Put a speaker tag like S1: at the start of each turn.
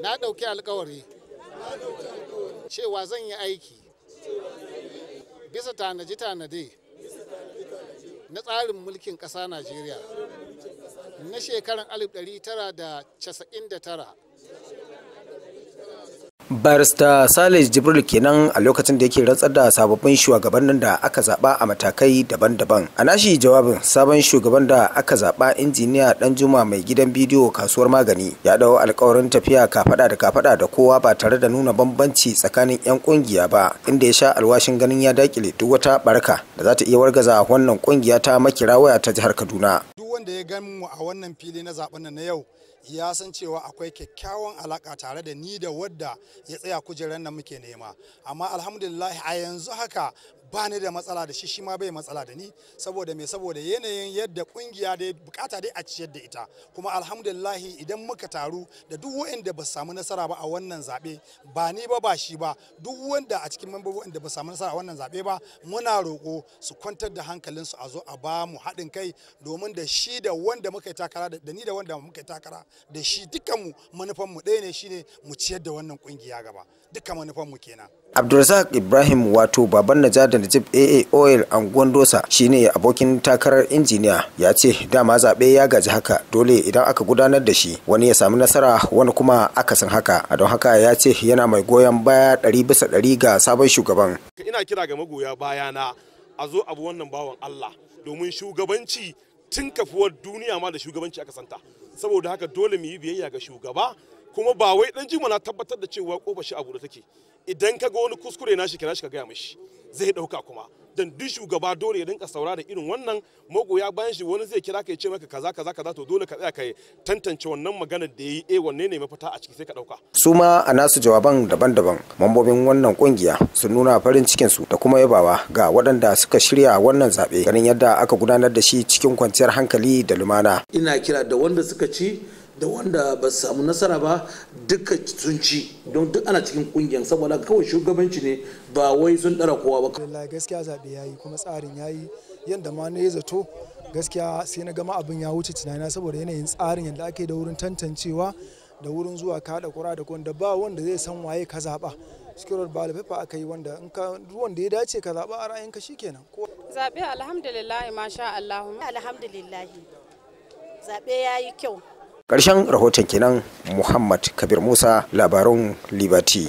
S1: na ɗauki alkawari cewa zan yi aiki bisa tanaji-tanade na tsarin mulkin ƙasa najeriya na shekarar 1999
S2: barista salis jibril kenan a lokacin da yake rantsar da sababbin shugabannin da aka zaba a matakai daban-daban a nashi jawabin sabon shugaban da aka zaba injiniya danjuma mai gidan bidiyo kasuwar magani ya dawo alkawarin tafiya kafada da kafada da kowa ba tare da nuna bambanci tsakanin yan kungiya ba inda ya sha alwashin ganin ya dakile duk wata barka da za ta iya wargaza wannan kungiya ta makira waya ta jihar kaduna
S1: mu a wannan fili na zaben na yau ya san cewa akwai kyakkyawan alaka tare da ni da wadda ya tsaya kujerar nan muke nema amma alhamdulillah a yanzu haka ba ni da matsala da shi shi ma bai matsala da ni saboda me saboda yanayin yadda kungiya dai bukata dai a ciyar da ita kuma alhamdulillah idan muka taru da duk wanda ba samu nasara ba a wannan zabe ba ni ba ba shi ba duk wanda a cikin membobin da ba samu nasara a wannan zabe ba muna roko su kwantar da hankalinsu a zo a ba mu haɗin kai domin da shi da wanda wanda muka yi takara da ni da wanda muka yi takara da shi manufan
S2: manufanmu ɗaya ne shine mu ciyar da wannan kungiya gaba dukkan mu kenan Abdulrazak Ibrahim wato baban Najada Najib AA Oil anguwan Dosa shine abokin takarar injiniya ya ce dama zaɓe ya gaji haka dole idan aka gudanar da shi wani ya samu nasara wani kuma aka san haka a don haka ya ce yana mai goyon baya ɗari bisa ɗari ga sabon shugaban.
S3: Ina kira ga magoya bayana a zo abu wannan bawan Allah domin shugabanci tun kafuwar duniya ma da shugabanci aka santa saboda haka dole mu yi biyayya ga shugaba kuma ba wai dan jima na tabbatar da cewa kofa shi a bude take idan ka ga wani kuskure na shi kira shi ka gaya mishi zai dauka kuma dan duk shugaba dole ya saura da irin wannan magoya bayan shi wani zai kira ka ya ce maka kaza kaza kaza to dole ka tsaya ka tantance
S2: wannan maganar da yayi eh wanne ne mafita a ciki sai ka dauka su ma a nasu jawaban daban-daban mambobin wannan kungiya sun nuna farin cikin su da kuma yabawa ga waɗanda suka shirya wannan zabe ganin yadda aka gudanar da shi cikin kwanciyar hankali da lumana
S3: ina kira da wanda suka ci da wanda ba su samu nasara ba duka sun ci don duk ana cikin kungiyar saboda kawai shugabanci ne ba wai sun dara kowa ba
S4: wallahi gaskiya zabe yayi kuma tsarin yayi yanda ma ne zato gaskiya sai na gama abin ya wuce tunanina saboda yanayin tsarin yadda ake da wurin tantancewa da wurin zuwa kada kura da wanda ba wanda zai san waye ka zaba secured ba lafafa aka yi wanda in ka ruwan ya
S1: dace ka zaba a shi shikenan zabe alhamdulillah masha Allah alhamdulillah zabe yayi kyau
S2: karshen rahoton kenan muhammad kabir musa labarun liberty